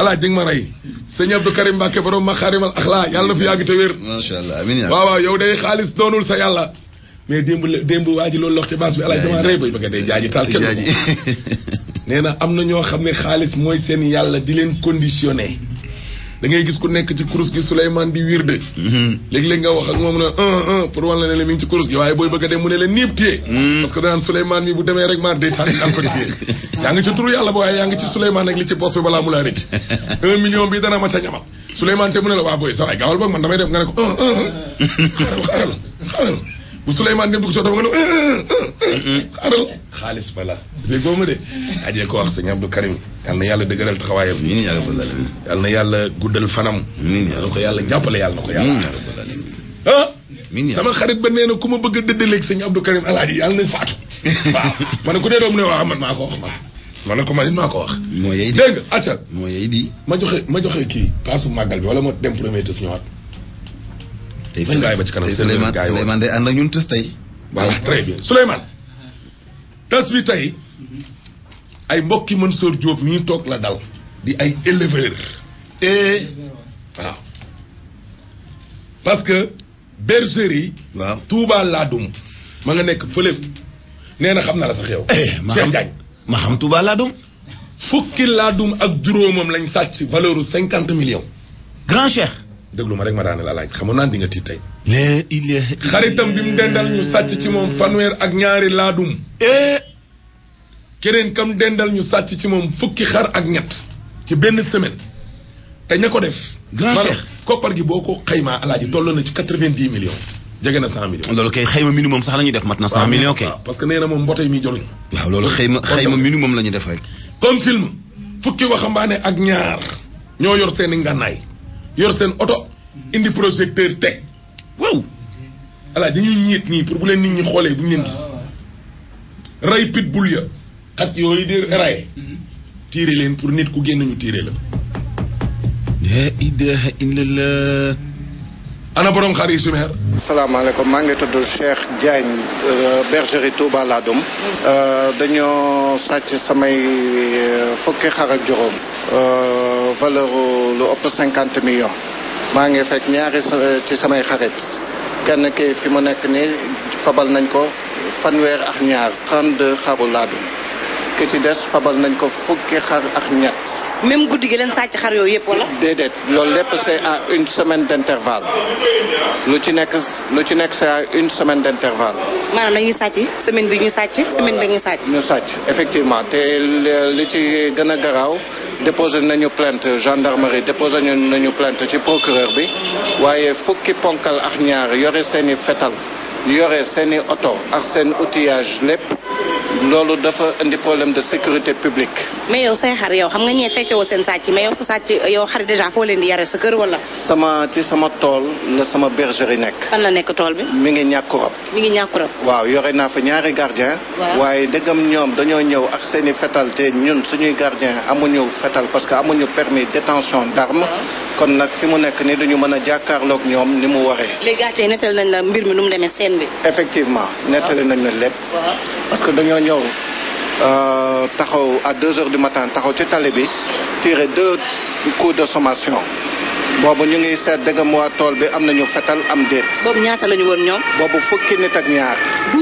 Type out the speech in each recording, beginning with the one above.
alaaj di nga ma rey sëñ Abdou Karim Mbacke borom maxaarimal axlaa yàlla na fi yàgg te wér. macha allah amiin waaw waaw yow day xaalis doonul sa yàlla. mais démb démb waa ji loolu lox ci baas bi alaaj dama ma bay bëgg a dee jaaji taal kenn nee am na ñoo xam ne xaalis mooy seen yàlla di leen conditionné. da ngay gis ku nekk ci kurus gi Souleymane di wirde mhm. léegi-léegi nga wax ak moom na pour wan ne le ngi ci kurus gi waaye booy bëgg a dem mu ne leen niib téye mhm. parce que danaan Souleymane mi bu demee rek maar day tànn daan ko téye yaa ngi ci turu yàlla ba waaye yaa ngi ci Souleymane ak li ci poos bi balaa mu laa rëcc un million bi dana ma ca ñamal Souleymane te mu ne la waa booy sa waay gaawal boog man damay dem nga ne ko un un xaaral xaaral xaaral bu Souleymane dem dugg soo dafa nga ne eh, eh, eh, xaaral xaalis bala déggoo ma de ajee ko wax sëñ Abdou Karim yal na yàlla dëgëral taxawaayam yal na yàlla guddal fanam yal na ko yàlla jàppale yàlla na ko yàlla ah sama xarit ba nee na ku ma bëgg a dëddaleeg sëñ Abdou Karim alaaji yàlla na faatu waaw ma ne ku dee doom ne waaw man maa ko wax man ma ne ko ma it maa ko wax moo yey di moo di ma joxe ma joxe kii paasu màggal bi wala ma dem premier te si ñëwaat tey Souleymane tey Souleymane day ànd ak ñun tës tey. voilà très bien Souleymane. tas bi tey ay mbokki Mansour Diop mi ñu toog la dal di ay éleveur et eh. waaw parce que bergerie. waaw Touba Ladoum. ma nga nekk fële nee na xam na la sax yow. Eh, ma xam Cheikh Ndiagne ma xam Touba Ladoum. fukki Ladoum ak juróomam lañ sàcc valeur cinquante millions. déglu ma rek ma daaneel alaaj xamoon naan di nga tiit tey. xaritam bi mu dendal ñu sàcc ci moom fanweer ak ñaari laadum. Eh. keneen kam dendal ñu sàcc ci moom fukki xar ak ñett ci benn semaine te ña ko def. grand cheikh koppar gi boo ko xaymaa alaaji toll na ci quatre-vingt-dix millions. jege na cent millions. loolu kay xayma minimum sax la ñuy def mat na cent millions kay. parce que nee na moom mboote mi joruñu. waaw loolu xayma xayma minimum la ñuy def rek. comme film fukki waxambaane ak ñaar ñoo yor seen i ngànnaay. yor seen oto indi projecteur teg waaw voilà dañuy ñiit nii pour bu leen nit ñi xoolee bu ñu leen gis ah, ah. ray pitbull ya xat yooyu di ray mm-hmm. tiire leen pour nit ku génn ñu tiire la la ilaha illallah ana borom xar yi si meer. salaamaaleykum maa ngi tudd Cheikh Diagne euh, bergerie Touba Ladoum. Euh, dañoo sàcc samay euh, fukki xar ak juróom. valeur lu ëpp cinquante millions. maa ngi fekk ñaari ci samay xarit. kenn ki fi mu nekk nii fabal nañ ko fanweer ak ñaar. trente deux xaru Ladoum. que ci dess fabal nañ ko fukki xar ak ñet même guddi gi leen sàcc xar yooyu yëpp wala. déedéet loolu lépp c' à une semaine d'intervalle. lu ci nek lu ci nek c'est à une semaine d'intervalle. manam dañuy sàcc semaine bi ñu sàcc semaine bi ñu sàcc. ñu sàcc effectivement té li ci gëna garaw déposé nañu plainte gendarmerie déposé nañu plainte ci procureur bi waaye fukki ponkal ak ñaar yoré seen fétal yoré yore auto ak seen outillage lépp. loolu dafa indi problème de sécurité publique. mais yow say xar yow xam nga ñee fekke woo seen sàcc mais yow sa sàcc yow xar déjà foo leen di yare sa kër wala. sama ci sama tool la sama bergerie nekk. fan la nekk tool bi. mi ngi ñàkk rob. mi ngi ñàkk rob. waaw yore naa fa ñaari gardien waaye dëggam ñoom dañoo ñëw ak seen i fetal te ñun suñuy gardien amuñu fetal parce que amuñu permis détention d'arme kon nag fi mu nekk ni duñu mën a jàkkaarloog ñoom ni mu waree. léegi àtte nettali nañ la mbir mi nu mu demee seen bi. effectivement nettali nañ la lépp. parce que dañoo ñëw euh, taxaw à deux heures du matin taxaw ci tali bi tiré deux coups de sommation boobu ñu ngi seet dëggam waa tool bi am nañu fetal am déet. boobu ñaata la ñu woon ñoom. boobu fukki nit ak ñaar.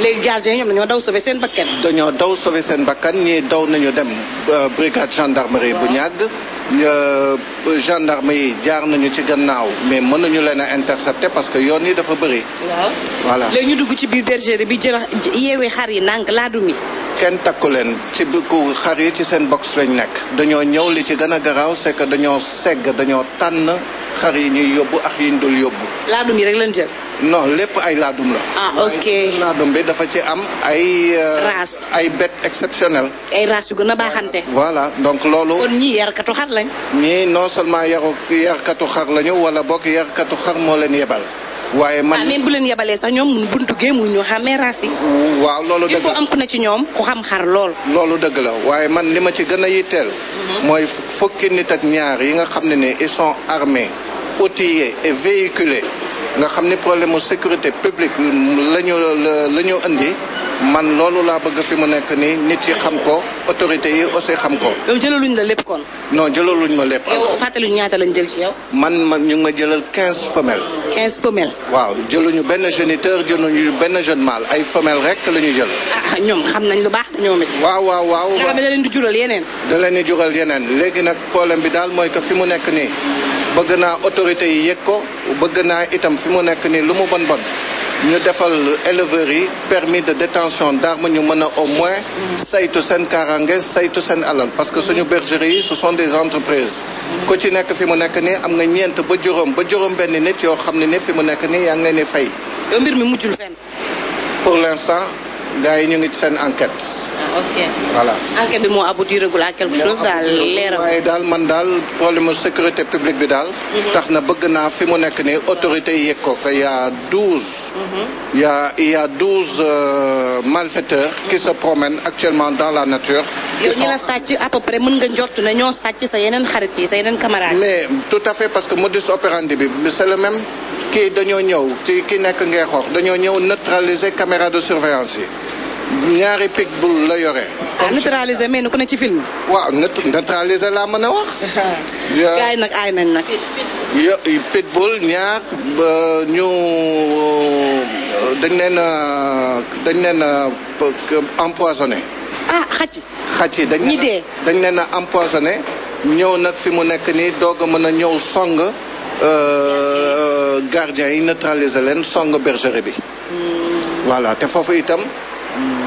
léegi gardien ñoom dañoo daw sauvé seen bakkan. dañoo daw sauvé seen bakkan ñii daw nañu dem euh, brigade gendarmerie bu ñàgg. Euh, gendarme yi jaar nañu ci gannaaw mais mën nañu leen a intercepter parce que yoon yi dafa bëri. voilà léegi ñu dugg ci biir bergerie bi jëla yeewee xar yi nànk laa yi kenn takku leen ci ku xar yi ci seen box lañ nekk dañoo ñëw li ci gën garaaw c'est que dañoo segg dañoo tànn xar yi ñuy yóbbu ak yi dul yóbbu. laadum yi rek lañ jël. non lépp ay laadum la. ah ok laadum bi dafa ci am ay. Euh, race ay bët exceptionnelle. ay race yu gën a baaxante. voilà donc loolu. kon ñii yarkatu xar lañ. ñii non seulement yaru yarkatu xar lañu wala bokk yarkatu xar moo leen yebal. waaye man ah, même bu leen yebalee sax ñoom buntu géemu ñu xàmmee raas yi. waaw loolu dëgg il faut am ku ne ci ñoom ku xam xar lool. loolu dëgg la waaye man li ma ci gën a yitteel. Mhm. mooy fukki nit ak ñaar yi nga xam ne ne ils sont armés outillés et véhiculés. nga xam ni problème mu sécurité publique la ñu la ñu indi man loolu laa bëgg fi mu nekk nii nit yi xam ko autorité yi aussi xam ko. yow jëlaluñ la lépp kon. non jëlaluñ ma lépp. yow fàttaluñ ñaata lañ jël ci yow. man ma ñu ngi ma jëlal quinze femelles. quinze femelles. waaw jëluñu benn géniteur jëluñu benn jeune mâle ay femelles rek la ñu jël. Ah, ah ñoom xam nañ lu baax ñoom it. waaw waaw waaw. da leen jural yeneen. da leen di jural yeneen léegi nag problème bi daal mooy que fi mu nekk nii. bëgg naa autorité yi yëg ko bëgg naa itam fi mu nekk ni lu mu bon bon ñu defal éleveur yi permis de détention d'arme ñu mën a au moins mm-hmm. saytu seen kaaraange saytu seen alal parce que suñu mm-hmm. bergerie ce sont des entreprises mm-hmm. ko ci nekk fi mu nekk ni am nga ñeent ba juróom ba juróom benn nit yoo xam ne ni fi mu nekk ni yaa ngi leen di fay mbir mi muccul fenn pour l'instant gars yi ñu ngi ci seen enquête. Ah, ok voilà. enquête bi moo aboutir à quelque chose daal leeral. waaye daal man daal problème mu sécurité publique bi daal. Mhm. tax na bëgg naa fi mu nekk nii autorité yëg ko que y' a douze. Mhm. y' a y' a douze euh, malfaiteurs. qui se promènent actuellement dans la nature. yow ñu la sàcc à peu près mën nga njort ne ñoo sàcc sa yeneen xarit yi sa yeneen camarades. mais tout à fait parce que modus operandi bi c' est le même kii dañoo ñëw ci ki nekk Ngeexoox dañoo ñëw neutraliser caméra de surveillance yi. ñaari pitbull la yore. ah neutralisé mel ni ne ci film. waaw neutralisé laa mën a wax. nag aay nañ nag. yo pitbull ñaar ba ñu euh, dañ leen a euh, dañ leen a euh, ah xaj. xaj yi dañ leen a dañ leen a empoisonné ñëw nag fi mu nekk nii doog a mën a ñëw song. gardien yi neutraliser leen song bergerie bi. Hmm. voilà te foofu itam.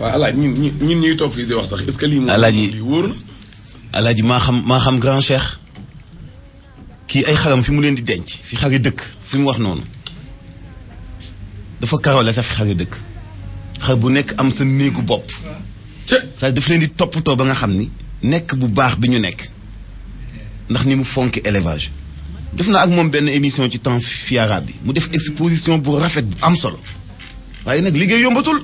waaw Alaaji ñun ñun ñuy toog fii di wax sax est-ce que lii moom. maa xam maa xam grand cheikh kii ay xaram fi mu leen di denc fi xari dëkk fi mu wax noonu dafa karole sax fi xari dëkk xar bu nekk am sa néegu bopp saa daf leen di toppatoo ba nga xam ni nekk bu baax bi ñu nekk ndax ni mu fonk élevage def na ak moom benn émission ci temps fiara bi mu def exposition bu rafet bu am solo waaye nag liggéey yombatul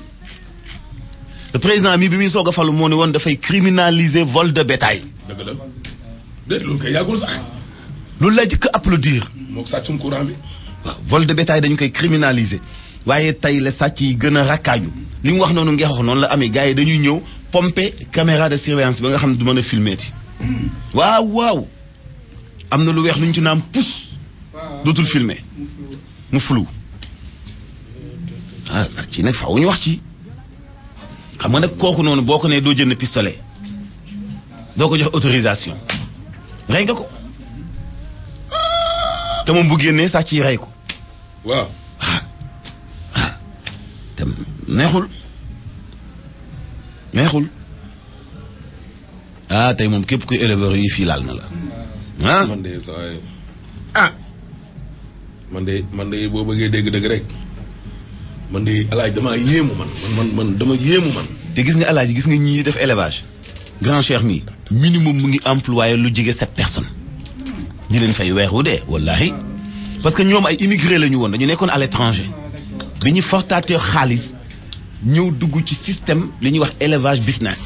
le président mi bi muy soog a falu moo ne woon dafay criminaliser vol de bétail. dëgg la déet loolu kay yàggul sax. loolu laa jëkk applaudir. moog sàccum courant bi. waaw vol de bétail dañu koy criminaliser waaye tey la sàcc yi gën a rakkaaju li mu wax noonu ngeen wax noonu la amee gars yi dañuy ñëw pomper caméra de surveillance ba nga xam ne du mën a filmeeti hmm. waaw waaw am na lu weex lu ñu ci naan pousse dootul filmer mu flou. ah ci nag faaw ñu wax ci xam nga nag kooku noonu boo ko nee doo jënd pistolet doo ko jox autorisation rey nga ko te moom bu génnee sàcc yi rey ko. waaw ah, ah te neexul neexul ah, tey moom képp kuy éleveur yi fii laal na la ah. man de ah! man de man de boo bëggee dégg dëgg rek. man de alaaj dama yéemu man man man dama yéemu man. te gis nga alaaj gis nga ñi def élevage grand cheikh mi minimum mu ngi employé lu jige sept personnes di leen fay wéxu dé wallahi parce que ñoom ay immigré lañu won dañu nekkoon à l'étranger bi ñu fortaatee xaalis ñëw dugg ci système li ñuy wax élevage business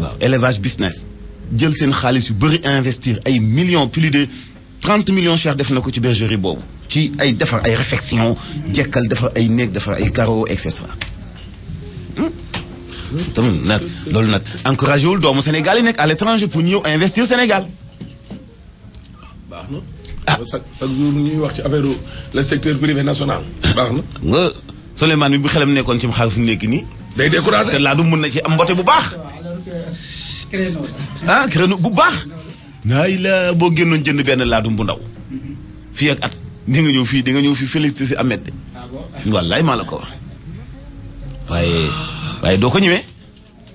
waaw élevage business jël seen xaalis yu bëri investir ay millions plus de trente millions cher def na ko ci bergerie boobu ci ay defar ay réflexion jekkal defar ay néeg defar ay carreaux et cetera tam hmm? hmm, nak loolu nak encouragé wul doomu Sénégal yi nekk à l'étranger pour ñëw investir Sénégal baxna chaque ah. jour ñuy wax ci affaire le secteur privé national baxna na ah. nga Souleymane bi bu xelam nekkon ci xaar mu nekk ni day décourager la du mun na ci am mbote bu baax ah créneau bu baax naay la bo génnoon jënd benn laadum bu ndaw fi ak at di nga ñëw fii di nga ñëw fii félicité si Ahmed de ah wallaay maa la ko wax waaye waaye doo ko ñemee.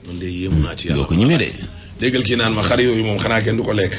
man de yéemu naa doo ko ñemee de. déggal kii naan ma xar yooyu moom xanaa kenn du ko lekk.